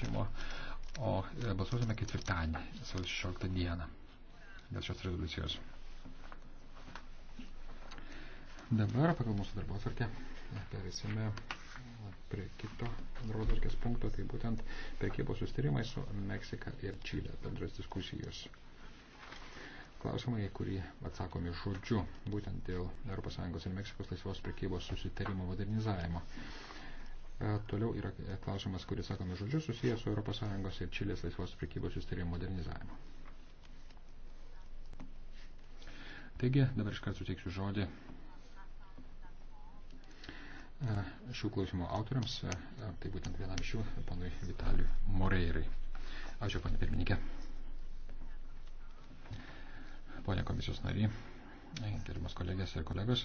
pranešimo, o e, balsuosime ketvirtadienį, sausio 16 dieną, dėl šios rezoliucijos. Dabar pagal mūsų darbo atvarkę e, perėsime prie kito darbo atvarkės punkto, tai būtent prekybos sustarimai su Meksika ir Čilė, bendras diskusijos. Klausimai, kurį atsakomi žodžiu, būtent dėl ES ir Meksikos laisvos prekybos susitarimo modernizavimo. E, toliau yra klausimas, kuris sakome žodžiu, susijęs su ES ir Čilės laisvos prekybos sustarimo modernizavimu. Taigi, dabar iškart suteiksiu žodį e, šių klausimų autoriams, e, tai būtent vienam iš jų, panui Vitaliu Moreirai. Ačiū, panė pirmininkė. Pone komisijos nariai, gerimas kolegės ir kolegos.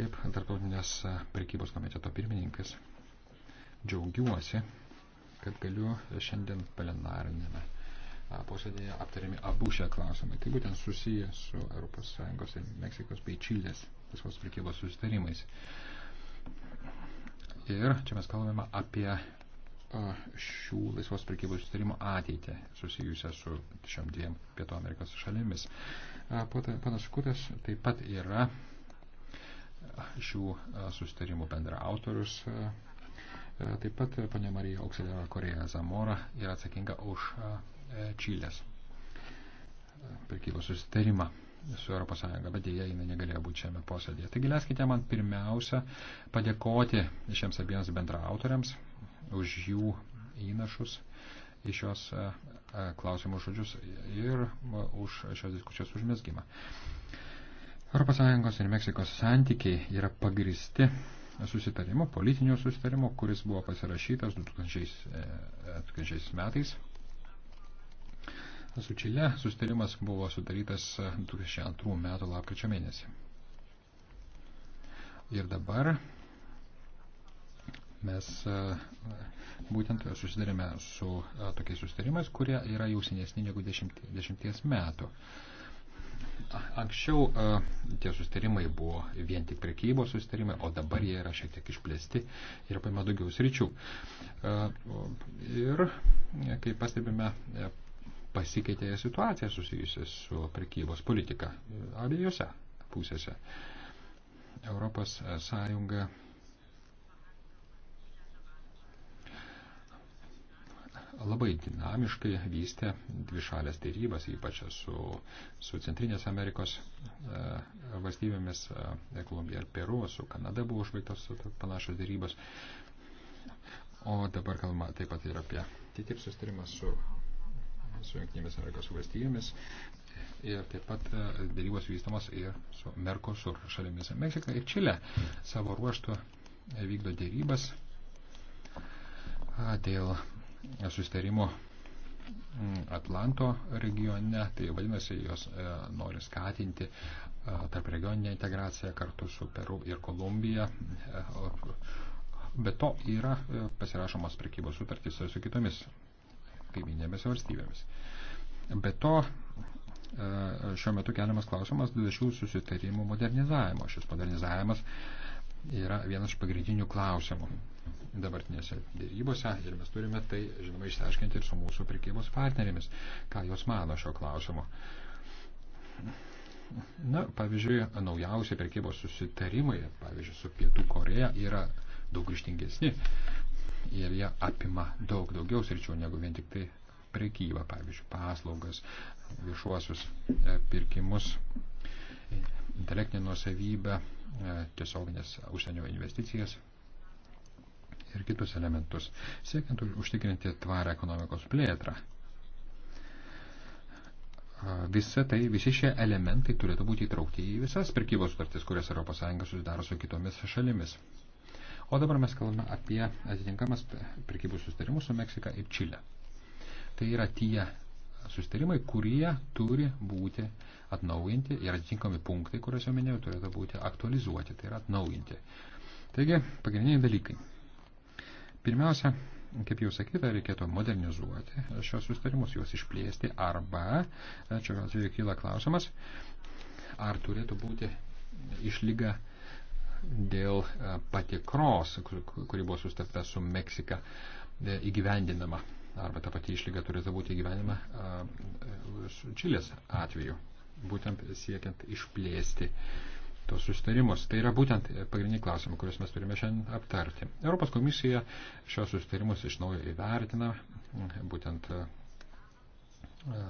Kaip tarptautinės prekybos komiteto pirmininkas, džiaugiuosi, kad galiu šiandien plenarinėme posėdėje aptariami abu šie klausimai. Tai būtent susiję su ES ir Meksikos bei Čilės visos prekybos susitarimais. Ir čia mes kalbame apie šių laisvos prekybos sustarimo ateitį susijusią su šiom dviem Pietų Amerikos šalimis. Panas Kutas taip pat yra šių susitarimų bendra autorius. Taip pat ponia Marija Aukselėra Koreja Zamora yra atsakinga už e, Čilės prekybos susitarimą su ES, bet dėja jinai negalėjo būti šiame posėdėje. Taigi leiskite man pirmiausia padėkoti šiems abiems bendraautoriams už jų įnašus į šios klausimų žodžius ir už šios diskusijos užmėsgymą. ES ir Meksikos santykiai yra pagristi susitarimu, politiniu susitarimu, kuris buvo pasirašytas 2000, 2000 e, metais. Su Čile susitarimas buvo sudarytas 2002 metų lapkričio mėnesį. Ir dabar mes e, būtent susidarėme su e, tokiais susitarimais, kurie yra jau senesni negu dešimt, dešimties metų. Anksčiau e, tie sustarimai buvo vien tik prekybos sustarimai, o dabar jie yra šiek tiek išplėsti ir paima daugiau sričių. E, ir, kaip pastebime, e, pasikeitė situacija susijusi su prekybos politika abiejose pusėse. Europos Sąjunga labai dinamiškai vystė dvišalės dėrybas, ypač su, su Centrinės Amerikos e, valstybėmis, e, Kolumbija ir Peru, su Kanada buvo užbaigtos panašios dėrybos. O dabar kalbama taip pat ir apie TTIP sustarimą su, su Junktinėmis Amerikos valstybėmis. Ir taip pat e, dėrybos vystamos ir su Merkosur šalimis. Meksika ir Čilė savo ruoštų vykdo dėrybas dėl sustarimo mm, Atlanto regione, tai vadinasi, jos e, nori skatinti e, tarp regioninę integraciją kartu su Peru ir Kolumbija. E, be to yra pasirašomas prekybos sutartys su kitomis kaiminėmis valstybėmis. Be to šiuo metu keliamas klausimas dėl šių susitarimų modernizavimo. Šis modernizavimas yra vienas iš pagrindinių klausimų dabartinėse dėrybose ir mes turime tai, žinoma, išsiaiškinti ir su mūsų prekybos partnerėmis, ką jos mano šio klausimo. Na, pavyzdžiui, naujausi prekybos susitarimai, pavyzdžiui, su Pietų Koreja yra daug ryštingesni ir jie apima daug daugiau sričių negu vien tik tai prekybą, pavyzdžiui, paslaugas, viešuosius e, pirkimus, intelektinę nuosavybę, e, tiesioginės užsienio investicijas, ir kitus elementus, siekiant užtikrinti tvarę ekonomikos plėtrą. Visa tai, visi šie elementai turėtų būti įtraukti į visas prekybos sutartis, kurias ES susidaro su kitomis šalimis. O dabar mes kalbame apie atitinkamas prekybos sustarimus su Meksika ir Čilė. Tai yra tie sustarimai, kurie turi būti atnaujinti ir atitinkami punktai, kuriuos jau minėjau, turėtų būti aktualizuoti, tai yra atnaujinti. Taigi, pagrindiniai dalykai. Pirmiausia, kaip jau sakyta, reikėtų modernizuoti šios sustarimus, juos išplėsti arba, e, čia atveju kyla klausimas, ar turėtų būti išlyga dėl e, patikros, kuri buvo sustarta su Meksika e, įgyvendinama, arba ta pati išlyga turėtų būti įgyvendinama Čilės atveju, būtent siekiant išplėsti uh, tos sustarimus. Tai yra būtent pagrindiniai klausimai, kuriuos mes turime šiandien aptarti. Europos komisija šios sustarimus iš naujo įvertina, būtent e,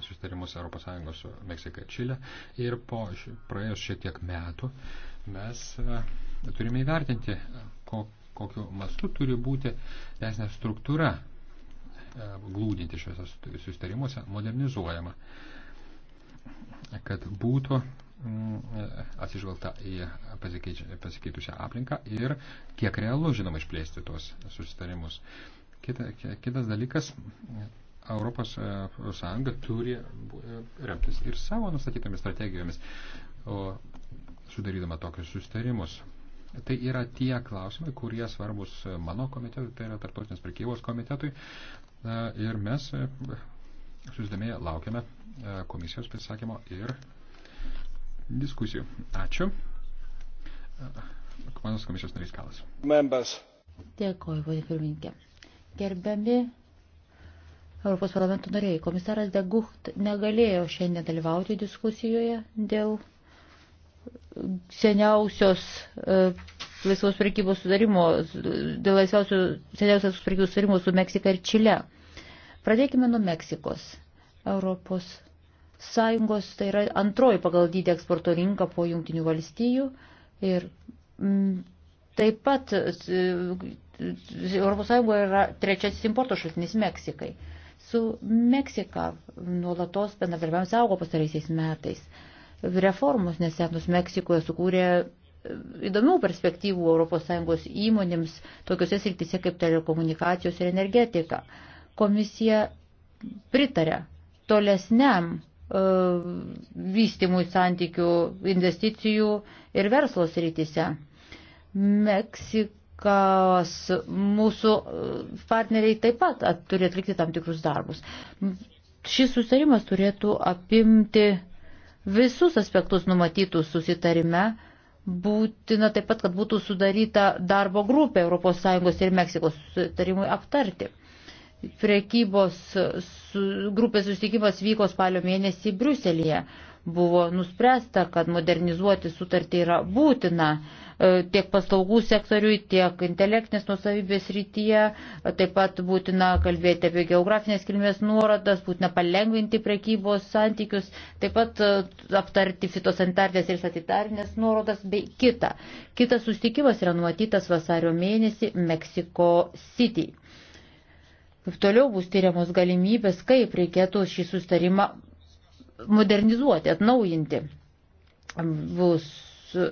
sustarimus ES su Meksika ir Čilė. Ir po praėjus šiek tiek metų mes e, turime įvertinti, kokiu mastu turi būti teisinė struktūra e, glūdinti šiuose sustarimuose, modernizuojama, kad būtų Mm, atsižvelgta į pasikeitusią aplinką ir kiek realu, žinoma, išplėsti tuos susitarimus. Kita, kitas dalykas, Europos e, Sąjunga turi e, remtis ir savo nustatytomis strategijomis, o sudarydama tokius susitarimus. Tai yra tie klausimai, kurie svarbus mano komitetui, tai yra tarptautinės prekybos komitetui. Ir mes e, susidomėję laukiame komisijos pasisakymo ir diskusijų. Ačiū. Komandos komisijos narys Kalas. Members. Dėkoju, vadin pirmininkė. Gerbiami Europos parlamento nariai, komisaras Degucht negalėjo šiandien dalyvauti diskusijoje dėl seniausios e, laisvos prekybos sudarimo, dėl seniausios prekybos sudarimo su Meksika ir Čile. Pradėkime nuo Meksikos. Europos Sąjungos, tai yra antroji pagal dydį eksporto rinka po Junktinių valstijų. Ir m, mm, taip pat ES yra trečiasis importo šaltinis Meksikai. Su Meksika nuolatos bendradarbiavimas augo pastaraisiais metais. Reformos nesenos Meksikoje sukūrė įdomių perspektyvų ES įmonėms tokiuose srityse kaip telekomunikacijos ir energetika. Komisija pritarė tolesniam E, vystimui santykių, investicijų ir verslo srityse. Meksikas mūsų partneriai taip pat turi atlikti tam tikrus darbus. Šis susitarimas turėtų apimti visus aspektus numatytus susitarime. Būtina taip pat, kad būtų sudaryta darbo grupė ES ir Meksikos susitarimui aptarti. Prekybos su, grupės susitikimas vyko spalio mėnesį Briuselėje. Buvo nuspręsta, kad modernizuoti sutartį yra būtina e, tiek paslaugų sektoriui, tiek intelektinės nusavybės rytyje. Taip pat būtina kalbėti apie geografinės kilmės nuorodas, būtina palengvinti prekybos santykius, taip pat e, aptarti fitosanitarnės ir satitarnės nuorodas bei kitą. Kitas sustikimas yra numatytas vasario mėnesį Meksiko City. Toliau bus tyriamos galimybės, kaip reikėtų šį sustarimą modernizuoti, atnaujinti. Bus e,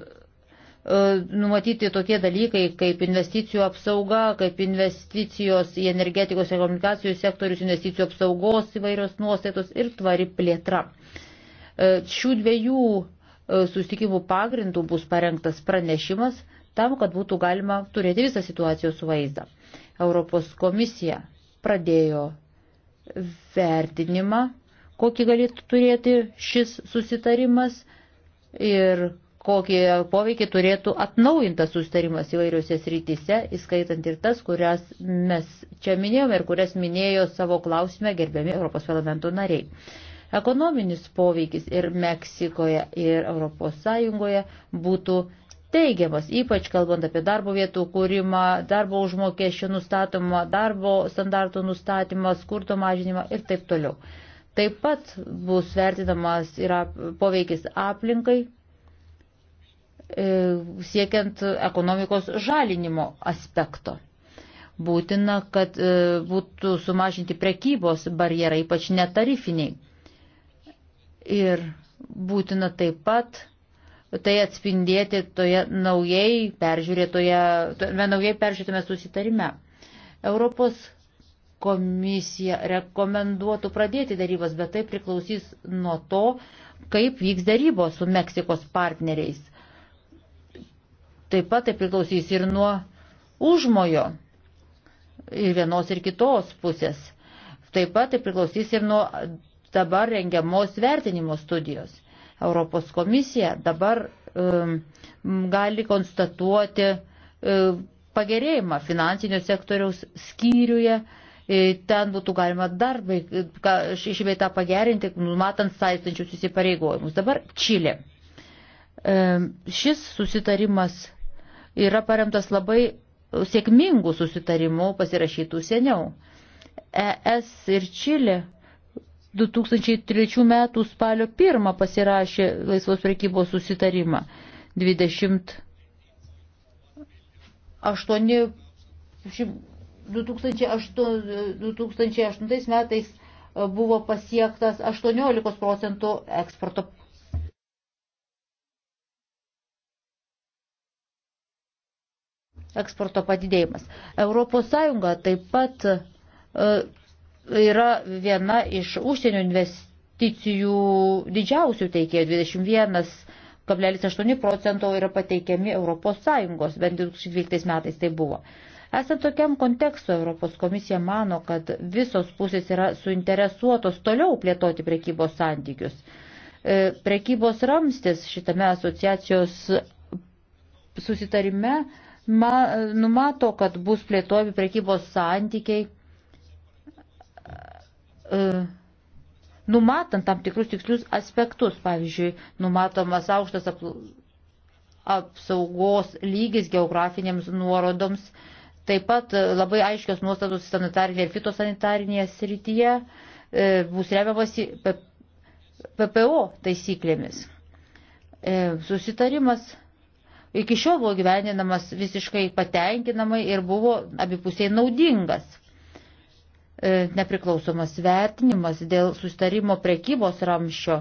numatyti tokie dalykai kaip investicijų apsauga, kaip investicijos į energetikos ir komunikacijų sektorius, investicijų apsaugos įvairios nuostatos ir tvari plėtra. E, šių dviejų e, sustikimų pagrindų bus parengtas pranešimas tam, kad būtų galima turėti visą situacijos vaizdą. Europos komisija pradėjo vertinimą, kokį galėtų turėti šis susitarimas ir kokį poveikį turėtų atnaujintas susitarimas įvairiuose srityse, įskaitant ir tas, kurias mes čia minėjome ir kurias minėjo savo klausime gerbiami Europos parlamento nariai. Ekonominis poveikis ir Meksikoje, ir Europos Sąjungoje būtų teigiamas, ypač kalbant apie darbo vietų kūrimą, darbo užmokesčio nustatymą, darbo standartų nustatymą, skurto mažinimą ir taip toliau. Taip pat bus vertinamas yra poveikis aplinkai e, siekiant ekonomikos žalinimo aspekto. Būtina, kad e, būtų sumažinti prekybos barjerai, ypač netarifiniai. Ir būtina taip pat tai atspindėti toje naujai peržiūrėtoje, toje naujai peržiūrėtame susitarime. Europos komisija rekomenduotų pradėti darybas, bet tai priklausys nuo to, kaip vyks darybos su Meksikos partneriais. Taip pat tai priklausys ir nuo užmojo ir vienos ir kitos pusės. Taip pat tai priklausys ir nuo dabar rengiamos vertinimo studijos. Europos komisija dabar um, gali konstatuoti um, pagerėjimą finansinio sektoriaus skyriuje. E, ten būtų galima dar išveitą pagerinti, numatant saistančius įsipareigojimus. Dabar Čilė. Um, šis susitarimas yra paremtas labai sėkmingų susitarimų pasirašytų seniau. ES ir Čilė 2003 metų spalio 1 pasirašė laisvos prekybos susitarimą. 28, 2008, 2008 metais e, buvo pasiektas 18 procentų eksporto eksporto padidėjimas. Europos Sąjunga taip pat e, yra viena iš užsienio investicijų didžiausių teikėjų 21. 0,8 procento yra pateikiami ES, bent 2012 metais tai buvo. Esant tokiam kontekstu, Europos komisija mano, kad visos pusės yra suinteresuotos toliau plėtoti prekybos santykius. E, prekybos ramstis šitame asociacijos susitarime ma, numato, kad bus plėtojami prekybos santykiai E, numatant tam tikrus tikslius aspektus, pavyzdžiui, numatomas aukštas apsaugos lygis geografinėms nuorodoms, taip pat e, labai aiškios nuostatos sanitarinėje ir fitosanitarinėje srityje e, bus remiamasi PPO taisyklėmis. Susitarimas iki šiol buvo gyveninamas visiškai patenkinamai ir buvo abipusiai naudingas E, nepriklausomas vertinimas dėl sustarimo prekybos ramščio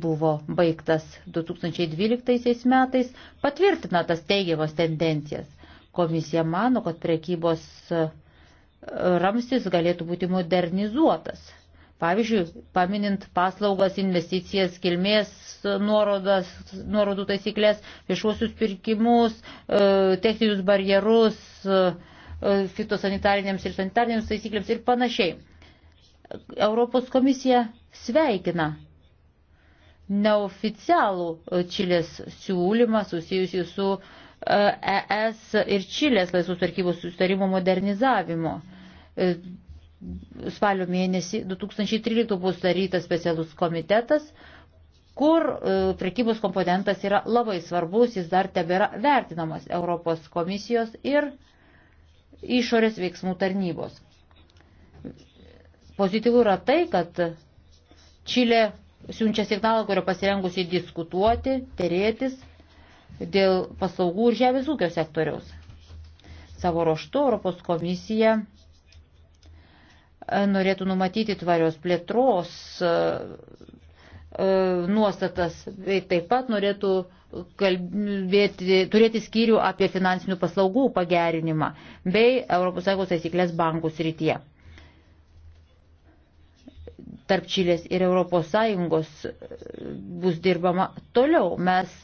buvo baigtas 2012 metais, patvirtina tas teigiamas tendencijas. Komisija mano, kad prekybos e, ramstis galėtų būti modernizuotas. Pavyzdžiui, paminint paslaugas, investicijas, kilmės nuorodas, nuorodų taisyklės, viešuosius pirkimus, e, techninius barjerus, E, fitosanitarinėms ir sanitarinėms taisyklėms ir panašiai. Europos komisija sveikina neoficialų Čilės siūlymą susijusiu su ES e ir Čilės laisvų tarkybos sustarimo modernizavimo. E, spalio mėnesį 2013 bus darytas specialus komitetas, kur prekybos komponentas yra labai svarbus, jis dar tebėra vertinamas Europos komisijos ir išorės veiksmų tarnybos. Pozityvų yra tai, kad Čilė siunčia signalą, kurio pasirengusi diskutuoti, terėtis dėl paslaugų ir žemės ūkio sektoriaus. Savo roštu Europos komisija e, norėtų numatyti tvarios plėtros e, e, nuostatas, taip pat norėtų kalbėti, turėti skyrių apie finansinių paslaugų pagerinimą bei ES taisyklės bankų srityje. Tarp Čilės ir ES bus dirbama toliau. Mes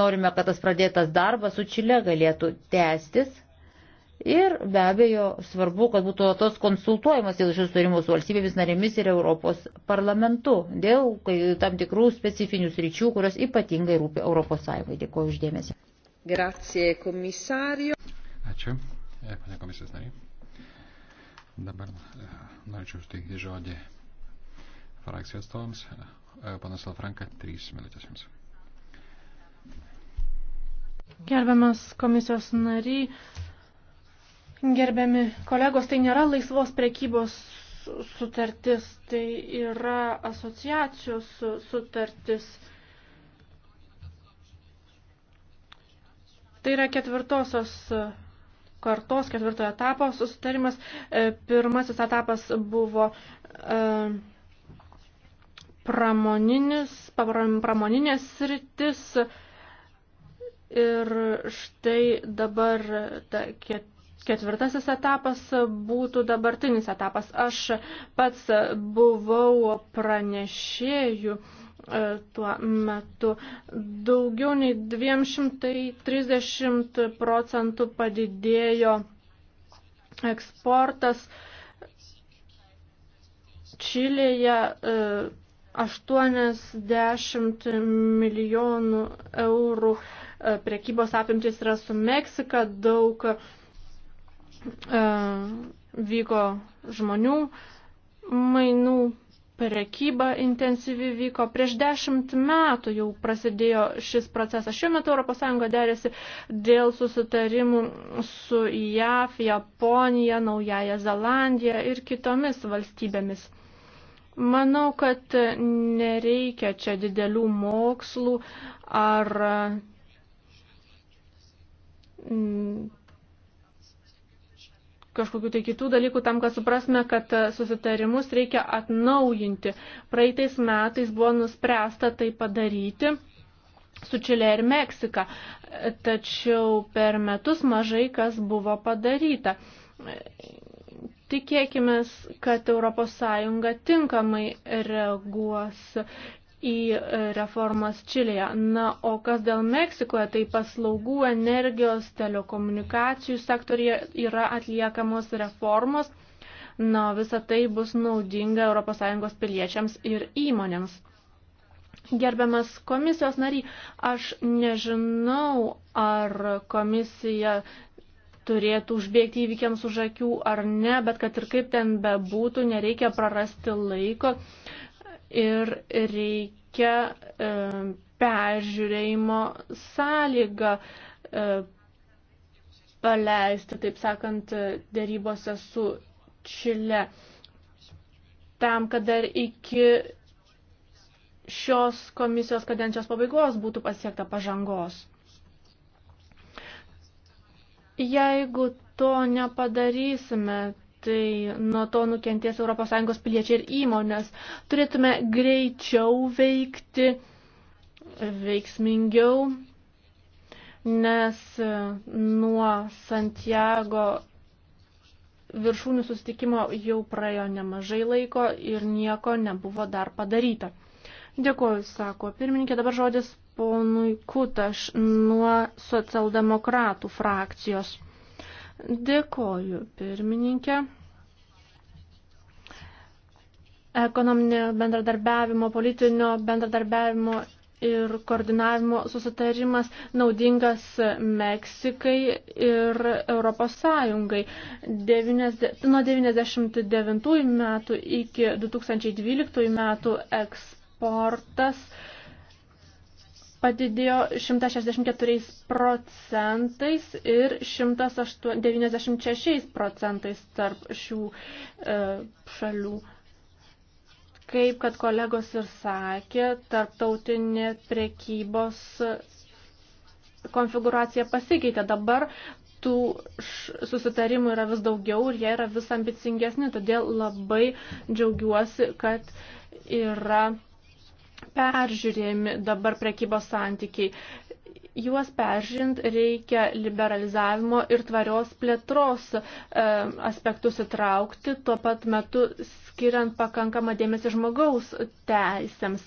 norime, kad tas pradėtas darbas su Čile galėtų tęstis Ir be abejo svarbu, kad būtų tos konsultuojamas dėl šios turimus valstybėmis narėmis ir Europos parlamentu dėl tam tikrų specifinių sričių, kurios ypatingai rūpi Europos Sąjungai. Dėkuoju uždėmesi. Grazie, komisario. Ačiū, e, pane komisijos nariai. Dabar e, norėčiau suteikti žodį frakcijos atstovams. E, Panas Lafranka, trys minutės jums. Gerbiamas komisijos nariai. Gerbiami kolegos, tai nėra laisvos prekybos sutartis, tai yra asociacijos sutartis. Tai yra ketvirtosios kartos, ketvirtojo etapo susitarimas. E, pirmasis etapas buvo e, pramoninis, pramoninės sritis ir štai dabar ta ketvirtoji Ketvirtasis etapas būtų dabartinis etapas. Aš pats buvau pranešėjų e, tuo metu. Daugiau nei 230 procentų padidėjo eksportas. Čilėje 80 e, milijonų eurų e, prekybos apimtis yra su Meksika, daug E, vyko žmonių mainų, prekyba intensyvi vyko. Prieš dešimt metų jau prasidėjo šis procesas. Šiuo metu ES derėsi dėl susitarimų su JAF, Japonija, Naujaja Zelandija ir kitomis valstybėmis. Manau, kad nereikia čia didelių mokslų ar mm, kažkokių tai kitų dalykų tam, kad suprasme, kad e, susitarimus reikia atnaujinti. Praeitais metais buvo nuspręsta tai padaryti su Čilė ir Meksika, e, tačiau per metus mažai kas buvo padaryta. Tikėkime, kad ES tinkamai reaguos į e, reformas Čilėje. Na, o kas dėl Meksikoje, tai paslaugų, energijos, telekomunikacijų sektorija yra atliekamos reformos. Na, visa tai bus naudinga ES piliečiams ir įmonėms. Gerbiamas komisijos nary, aš nežinau, ar komisija turėtų užbėgti įvykiams už akių ar ne, bet kad ir kaip ten bebūtų, nereikia prarasti laiko. Uh, ir reikia e, peržiūrėjimo sąlygą e, paleisti, taip sakant, dėrybose su Čile. Tam, kad dar iki šios komisijos kadencijos pabaigos būtų pasiekta pažangos. Jeigu to nepadarysime, tai nuo to nukenties ES piliečiai ir įmonės. Turėtume greičiau veikti, veiksmingiau, nes e, nuo Santiago viršūnių sustikimo jau praėjo nemažai laiko ir nieko nebuvo dar padaryta. Dėkuoju, sako pirmininkė, dabar žodis ponui Kutaš nuo socialdemokratų frakcijos. Dėkoju, pirmininkė ekonominio bendradarbiavimo, politinio bendradarbiavimo ir koordinavimo susitarimas naudingas Meksikai ir Europos Sąjungai. 90, nuo 1999 metų iki 2012 metų eksportas padidėjo 164 procentais ir 196 procentais tarp šių e, šalių. Kaip kad kolegos ir sakė, tarptautinė prekybos konfiguracija pasikeitė. Dabar tų susitarimų yra vis daugiau ir jie yra vis ambicingesni, todėl labai džiaugiuosi, kad yra peržiūrėjami dabar prekybos santykiai. Juos peržint reikia liberalizavimo ir tvarios plėtros e, aspektus įtraukti, tuo pat metu skiriant pakankamą dėmesį žmogaus teisėms.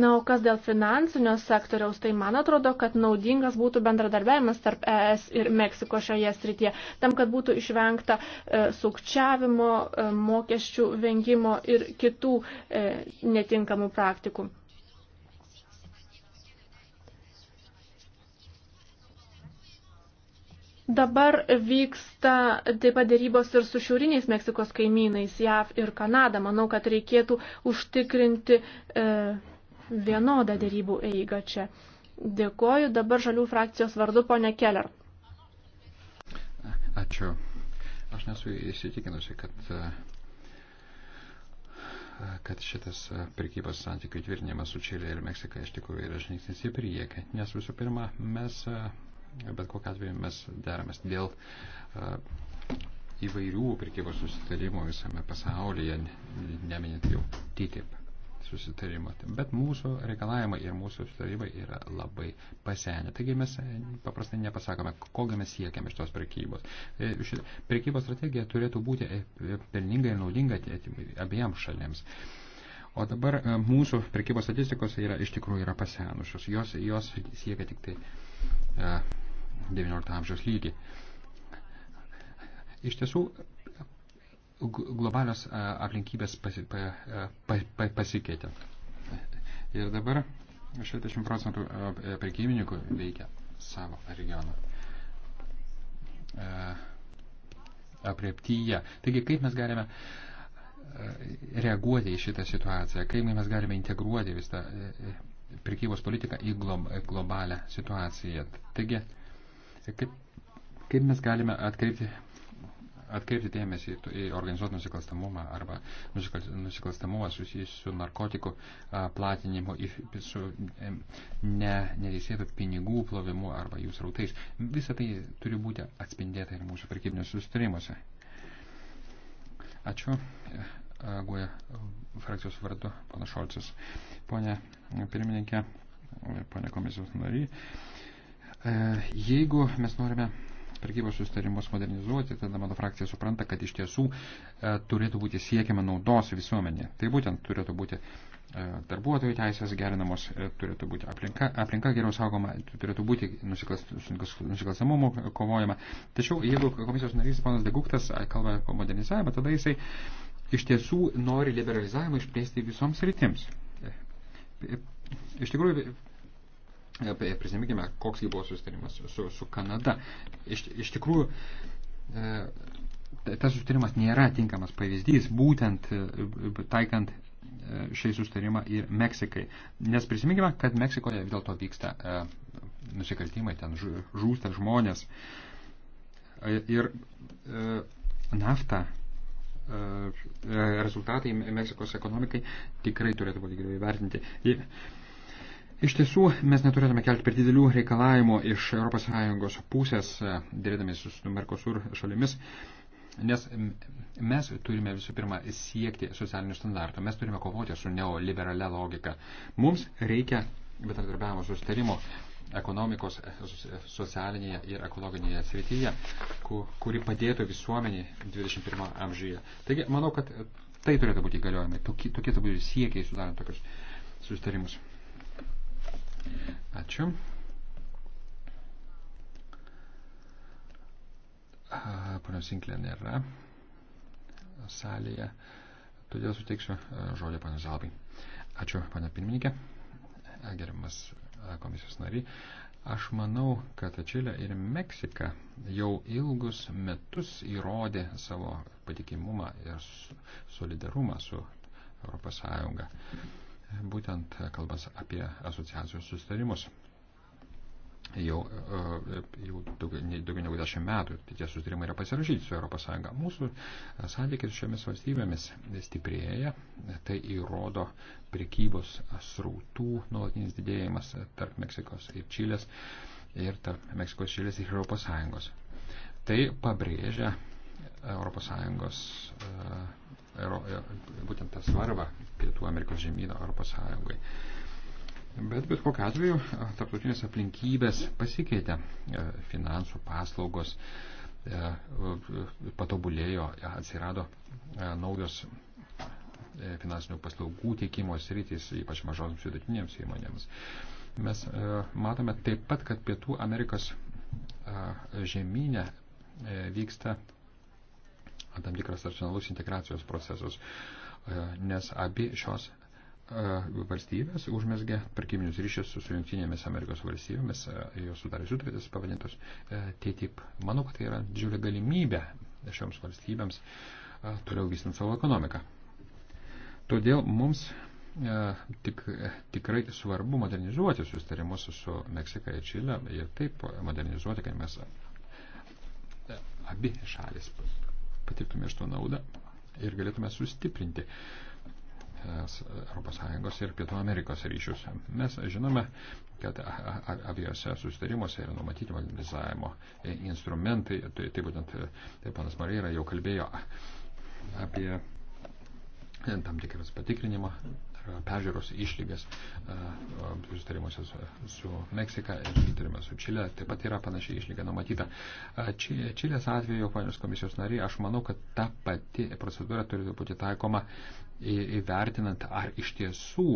Na, o kas dėl finansinio sektoriaus, tai man atrodo, kad naudingas būtų bendradarbiavimas tarp ES ir Meksiko šioje srityje, tam, kad būtų išvengta e, sukčiavimo, e, mokesčių vengimo ir kitų e, netinkamų praktikų. Dabar vyksta taip pat dėrybos ir su šiauriniais Meksikos kaimynais, JAV ir Kanada. Manau, kad reikėtų užtikrinti e, vienodą dėrybų eigą čia. Dėkoju dabar žalių frakcijos vardu, ponė Keller. Ačiū. Aš nesu įsitikinusi, kad, e, kad šitas e, prekybos santykių tvirtinimas su Čilė ir Meksika iš tikrųjų yra žingsnis į priekį. Nes visų pirma, mes e, bet kokiu atveju mes deramės dėl e, įvairių prekybos susitarimų visame pasaulyje, neminint jau TTIP susitarimo. Bet mūsų reikalavimai ir mūsų susitarimai yra labai pasenę. Taigi mes e, paprastai nepasakome, kogi mes siekiame iš tos prekybos. E, prekybos strategija turėtų būti pelninga ir naudinga abiems šalėms. O dabar mūsų prekybos statistikos yra, iš tikrųjų yra pasenusios. Jos, jos siekia tik tai XIX amžiaus lygį. Iš tiesų, globalios aplinkybės pasi, pa, pa, pa, pasikeitė. Ir dabar 60 procentų prekybininkų veikia savo regioną aprieptyje. Taigi, kaip mes galime reaguoti į šitą situaciją, kaip mes galime integruoti visą prekybos politiką į globalę situaciją. Taigi, Tai kaip, kaip mes galime atkreipti, atkreipti dėmesį į organizuotą nusikalstamumą arba nusikalstamumą susijusiu su narkotikų platinimu, su ne, neteisėtų pinigų plovimu arba jų srautais. Visą tai turi būti atspindėta ir mūsų prekybiniuose sustarimuose. Ačiū. Guoja frakcijos vardu, pana Šolcis. Pone pirmininkė, pone komisijos nariai. E, jeigu mes norime prekybos sustarimus modernizuoti, tada mano frakcija supranta, kad iš tiesų e, turėtų būti siekiama naudos visuomenė. Tai būtent turėtų būti e, darbuotojų teisės gerinamos, e, turėtų būti aplinka, aplinka geriau saugoma, turėtų būti nusiklas, nusikalstamumo kovojama. Tačiau jeigu komisijos narys panas Deguktas e, kalba apie modernizavimą, tada jisai iš tiesų nori liberalizavimą išplėsti visoms rytims. E, iš tikrųjų, prisiminkime, koks jį buvo sustarimas su, su Kanada. Iš, iš tikrųjų, e, tas sustarimas nėra tinkamas pavyzdys, būtent e, taikant e, šiai sustarimą ir Meksikai. Nes prisiminkime, kad Meksikoje vis dėlto vyksta nusikaltimai, ten žūsta žmonės. Ir nafta rezultatai Meksikos ekonomikai tikrai turėtų būti geriau įvertinti. Iš tiesų, mes neturėtume kelti per didelių reikalavimų iš ES pusės, e, dėrėdami su Mercosur šalimis, nes mes turime visų pirma siekti socialinių standartų, mes turime kovoti su neoliberalia logika. Mums reikia bendradarbiavimo sustarimo ekonomikos, e, e, socialinėje ir ekologinėje srityje, kuri padėtų visuomenį 21 amžiuje. Taigi, manau, kad tai turėtų būti įgaliojami, tokie turėtų būti siekiai sudarant tokius sustarimus. Ačiū. Ponios Inklė nėra salėje, todėl suteiksiu e, žodį ponios Zalbai. Ačiū, ponia pirmininkė, e, gerimas e, komisijos nariai. Aš manau, kad Čilė ir Meksika jau ilgus metus įrodė savo patikimumą ir solidarumą su ES būtent kalbas apie asociacijos sustarimus. Jau, e, jau daugiau, daugiau negu dešimt metų tie sustarimai yra pasirašyti su ES. Mūsų santykis su šiomis valstybėmis stiprėja, tai įrodo prekybos srautų nuolatinis didėjimas tarp Meksikos ir Čilės ir tarp Meksikos Čilės ir ES. Tai pabrėžia ES E, būtent tą svarbą Pietų Amerikos žemyną Europos Sąjungai. Bet bet kokiu atveju tarptautinės aplinkybės pasikeitė, e, finansų paslaugos e, patobulėjo, atsirado naujos finansinių paslaugų teikimo sritys, ypač mažoms vidutinėms įmonėms. Mes matome taip pat, kad Pietų Amerikos žemynė vyksta tam tikras racionalus integracijos procesus, e, nes abi šios e, valstybės užmesgė prekybinius ryšius su Junktinėmis Amerikos valstybėmis, e, jos sudarė sutartis pavadintos TTIP. Manau, kad tai yra didžiulė galimybė šioms valstybėms toliau vystinti savo ekonomiką. Todėl mums tik, tikrai svarbu modernizuoti sustarimus su Meksika ir Čilė ir taip modernizuoti, kad mes abi šalis patirtume iš to naudą ir galėtume sustiprinti ES ir Pietų Amerikos ryšius. Mes žinome, kad aviose susitarimuose yra numatyti modernizavimo e, instrumentai, tai, tai būtent e, tai panas Marija jau kalbėjo apie e, tam tikras patikrinimo E, peržiūros išlygas e, e, susitarimuose su Meksika ir susitarime su Čilė. Taip pat yra panašiai išlyga numatyta. Čilės atveju, panios komisijos nariai, aš manau, kad ta pati procedūra turėtų būti taikoma įvertinant, ar iš tiesų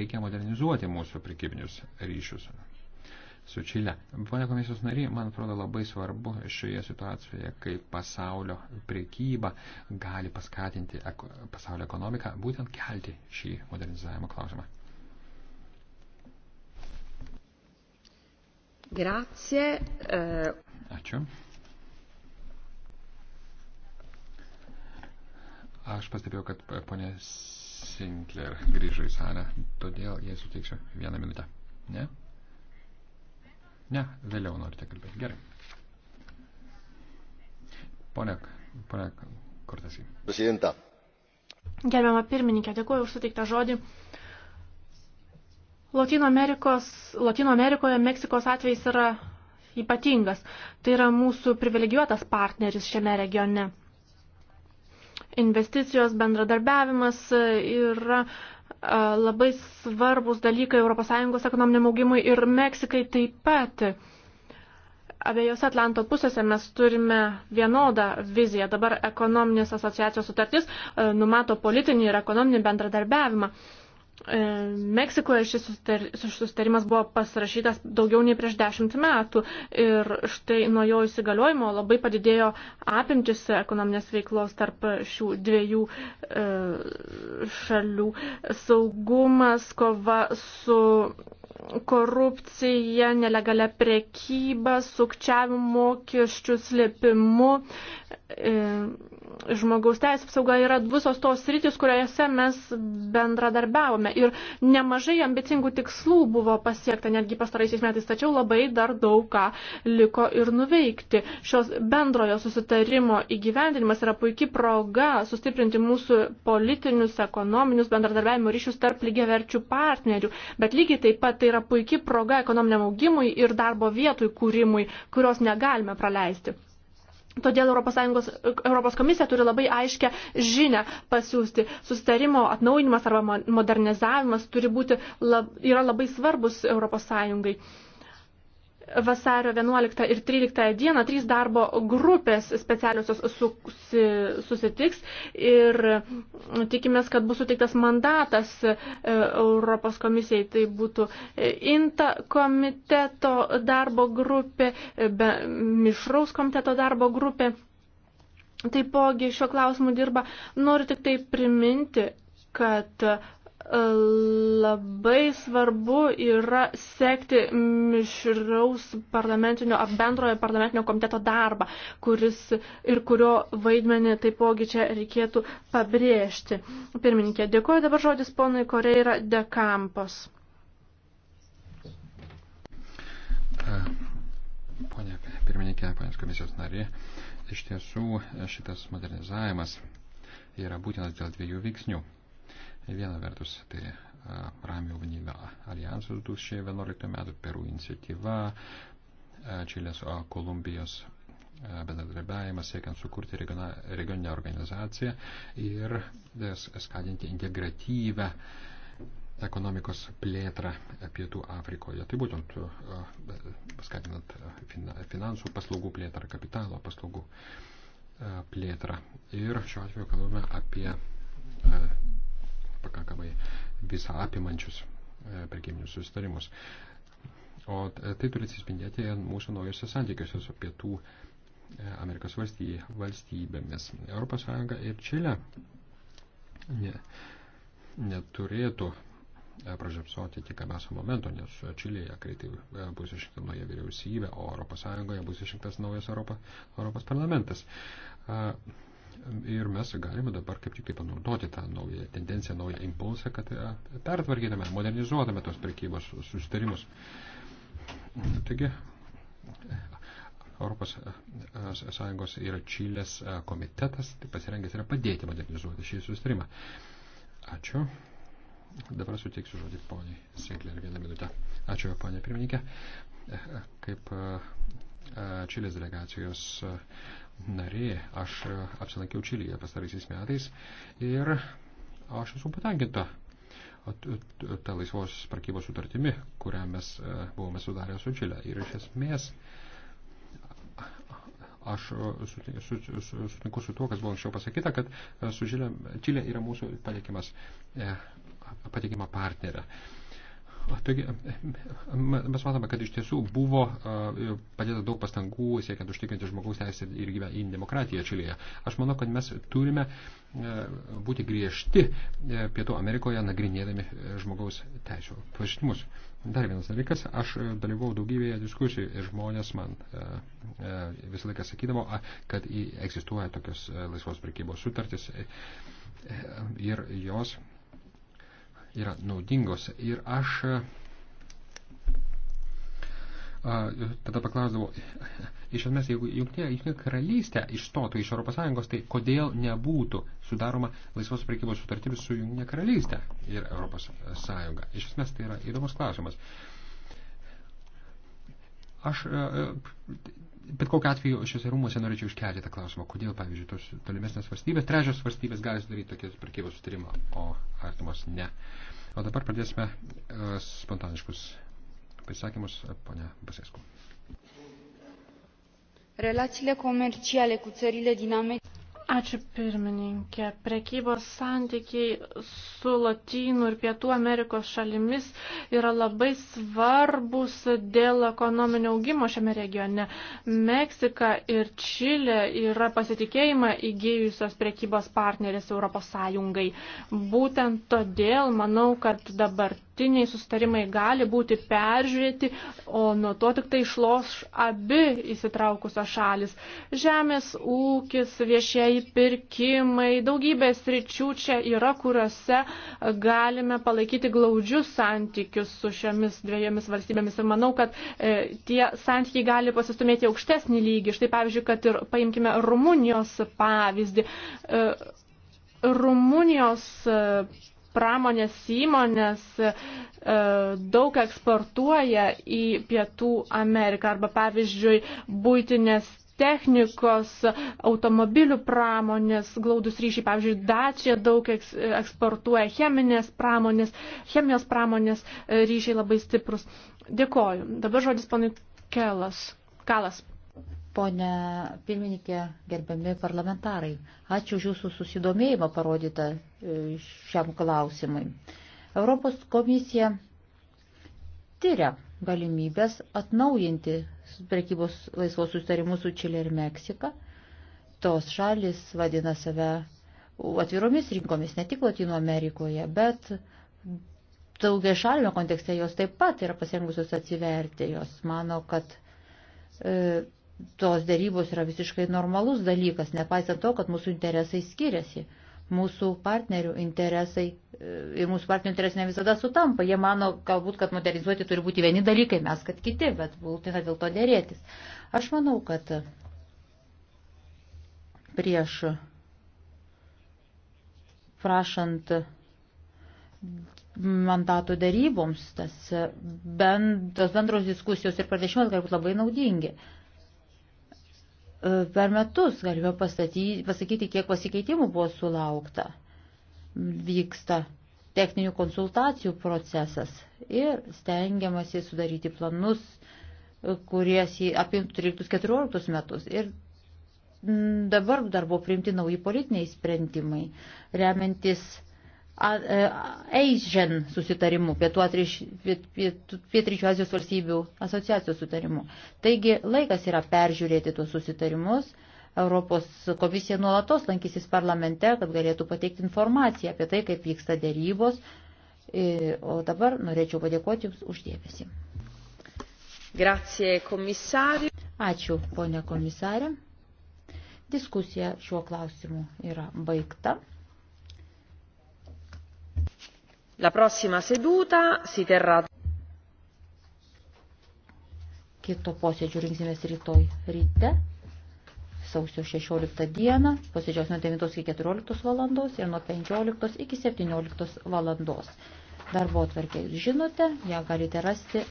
reikia modernizuoti mūsų prekybinius ryšius su Čile. Pone komisijos nariai, man atrodo labai svarbu šioje situacijoje, kaip pasaulio priekyba gali paskatinti pasaulio ekonomiką, būtent kelti šį modernizavimo klausimą. Grazie. Eh. Ačiū. Aš pastebėjau, kad ponė Sinclair grįžo į salę, todėl jai suteiksiu vieną minutę. Ne? Ne, vėliau norite kalbėti. Gerai. Pone, pone Kortasi. Presidenta. Gerbiama pirmininkė, dėkuoju už suteiktą žodį. Latino, Amerikos, Latino Amerikoje Meksikos atvejs yra ypatingas. Tai yra mūsų privilegijuotas partneris šiame regione. Investicijos, bendradarbiavimas yra labai svarbus dalykai ES ekonominiam augimui ir Meksikai taip pat. Abiejose Atlanto pusėse mes turime vienodą viziją. Dabar ekonominės asociacijos sutartis numato politinį ir ekonominį bendradarbiavimą. E, Meksikoje šis susitarimas buvo pasirašytas daugiau nei prieš dešimt metų ir štai nuo jo įsigaliojimo labai padidėjo apimtis ekonominės veiklos tarp šių dviejų e, šalių. Saugumas, kova su korupcija, nelegalia prekyba, sukčiavimu, mokesčių slėpimu. E, žmogaus teisės apsauga yra visos tos rytis, kuriuose mes bendradarbiavome. Ir nemažai ambicingų tikslų buvo pasiekta netgi pastaraisiais metais, tačiau labai dar daug ką liko ir nuveikti. Šios bendrojo susitarimo įgyvendinimas yra puikia proga sustiprinti mūsų politinius, ekonominius bendradarbiavimo ryšius tarp lygiaverčių partnerių. Bet lygiai taip pat tai tai yra puikia proga ekonominiam augimui ir darbo vietų įkūrimui, kurios negalime praleisti. Todėl ES, Europos komisija turi labai aiškę žinę pasiūsti. Sustarimo atnaujinimas arba modernizavimas turi būti, lab, yra labai svarbus ES vasario 11 ir 13 dieną trys darbo grupės specialiosios susitiks ir tikimės, kad bus suteiktas mandatas e, Europos komisijai. Tai būtų e, INTA komiteto darbo grupė, e, be, mišraus komiteto darbo grupė. Taipogi šiuo klausimu dirba. Noriu tik tai priminti, kad labai svarbu yra sekti mišraus parlamentinio, bendrojo parlamentinio komiteto darbą, kuris ir kurio vaidmenį taipogi čia reikėtų pabrėžti. Pirmininkė, dėkuoju dabar žodis ponui Koreira de Campos. Pone pirmininkė, ponės komisijos narė, iš tiesų šitas modernizavimas yra būtinas dėl dviejų veiksnių. Viena vertus, tai Ramio ugnybė alijansas 2011 metų Perų iniciatyva, Čilės Kolumbijos bendradarbiavimas siekiant sukurti regioninę organizaciją ir e, skatinti integratyvę ekonomikos plėtrą Pietų Afrikoje. Tai būtent skatinant finansų paslaugų plėtrą, kapitalo paslaugų plėtrą. Ir šiuo atveju kalbame apie pakankamai visą apimančius e, prekybinius susitarimus. O tai turi atsispindėti mūsų naujose santykiuose su pietų e, Amerikos valstybėmis. Europos Sąjunga ir Čilė ne, neturėtų e, pražiapsoti tik abeso momento, nes Čilėje greitai bus išrinkta nauja vyriausybė, o Europos Sąjungoje bus išrinktas naujas Europa, Europos parlamentas ir mes galime dabar kaip tik tai panaudoti tą naują tendenciją, naują impulsą, kad e, pertvarkytume, modernizuotume tos prekybos susitarimus. Taigi, Europos e, Sąjungos ir Čilės e, komitetas tai pasirengęs yra padėti modernizuoti šį susitarimą. Ačiū. Dabar suteiksiu žodį poniai Sinkler vieną minutę. Ačiū, ponė pirmininkė. Kaip Čilės delegacijos narė, aš e, apsilankiau Čilėje pastaraisiais metais ir aš esu patenkinta tą laisvos prekybos sutartimi, kurią mes e, buvome sudarę su Čilė. Ir iš esmės aš e, sutinku, sutinku su tuo, kas buvo anksčiau pasakyta, kad su Čilė, Čilė yra mūsų patikimas, patikima partnerė. Taigi, mes matome, kad iš tiesų buvo e, padėta daug pastangų siekiant užtikrinti žmogaus teisę ir gyvenį demokratiją Čilėje. Aš manau, kad mes turime e, būti griežti e, Pietų Amerikoje nagrinėdami žmogaus teisų pažymus. Dar vienas dalykas, aš dalyvau daugybėje diskusijų ir žmonės man visą laiką sakydavo, kad egzistuoja tokios laisvos prekybos sutartys ir jos yra naudingos. Ir aš e, tada paklausdavau, iš esmės, jeigu jungtinė karalystė išstotų iš ES, tai kodėl nebūtų sudaroma laisvos prekybos sutartimis su jungtinė karalystė ir ES? Iš esmės, tai yra įdomus klausimas. Aš e, e, bet kokiu atveju šiuose rūmose norėčiau iškelti tą klausimą, kodėl, pavyzdžiui, tos tolimesnės valstybės, trečios valstybės gali sudaryti tokius prekybos sutarimą, o artimos ne. O dabar pradėsime uh, spontaniškus pasisakymus, e, ponia Basesku. Relațiile comerciale cu țările din America. Ačiū pirmininkė. Prekybos santykiai su Latinų ir Pietų Amerikos šalimis yra labai svarbus dėl ekonominio augimo šiame regione. Meksika ir Čilė yra pasitikėjimą įgyjusios prekybos partnerės Europos Sąjungai. Būtent todėl manau, kad dabar dabartiniai sustarimai gali būti peržiūrėti, o nuo to tik tai išloš abi įsitraukusios šalis. Žemės ūkis, viešieji pirkimai, daugybės ryčių čia yra, kuriuose galime palaikyti glaudžius santykius su šiomis dviejomis valstybėmis. Ir manau, kad e, tie santykiai gali pasistumėti aukštesnį lygį. Štai pavyzdžiui, kad ir paimkime Rumunijos pavyzdį. E, Rumunijos e, pramonės įmonės e, daug eksportuoja į Pietų Ameriką arba pavyzdžiui būtinės technikos, automobilių pramonės, glaudus ryšiai, pavyzdžiui, Dacia daug eksportuoja, cheminės pramonės, chemijos pramonės e, ryšiai labai stiprus. Dėkoju. Dabar žodis panai Kelas. Kalas. Pone pirmininkė, gerbiami parlamentarai, ačiū už jūsų susidomėjimą parodytą e, šiam klausimui. Europos komisija tyria galimybės atnaujinti prekybos laisvos sustarimus su Čilė ir Meksika. Tos šalis vadina save atviromis rinkomis ne tik Latino Amerikoje, bet daugia šalio kontekste jos taip pat yra pasirengusios atsiverti. Jos mano, kad e, tos dėrybos yra visiškai normalus dalykas, nepaisant to, kad mūsų interesai skiriasi. Mūsų partnerių interesai e, ir mūsų partnerių interesai ne visada sutampa. Jie mano, galbūt, kad modernizuoti turi būti vieni dalykai, mes kad kiti, bet būtina dėl to dėrėtis. Aš manau, kad prieš prašant mandatų daryboms, tas, ben, tos bendros diskusijos ir pranešimas galbūt labai naudingi. Uh, E, per metus galime pastatyti, pasakyti, kiek pasikeitimų buvo sulaukta. Vyksta techninių konsultacijų procesas ir stengiamasi sudaryti planus, e, kurie apimtų 13-14 metus. Ir dabar dar buvo priimti nauji politiniai sprendimai, remiantis E, Asian susitarimu, Pietryčių Azijos valstybių asociacijos sutarimu. Taigi laikas yra peržiūrėti tuos susitarimus. Europos komisija nuolatos lankysis parlamente, kad galėtų pateikti informaciją apie tai, kaip vyksta dėrybos. E, o dabar norėčiau padėkoti Jums uždėmesi. Grazie, komisarė. Ačiū, ponė komisarė. Diskusija šiuo klausimu yra baigta. La prossima seduta si terrà. Kito posėdžio rinksimės rytoj ryte, sausio 16 dieną, posėdžios nuo 9 iki 14 valandos ir nuo 15 iki 17 valandos. Darbo atvarkė jūs žinote, ją galite rasti.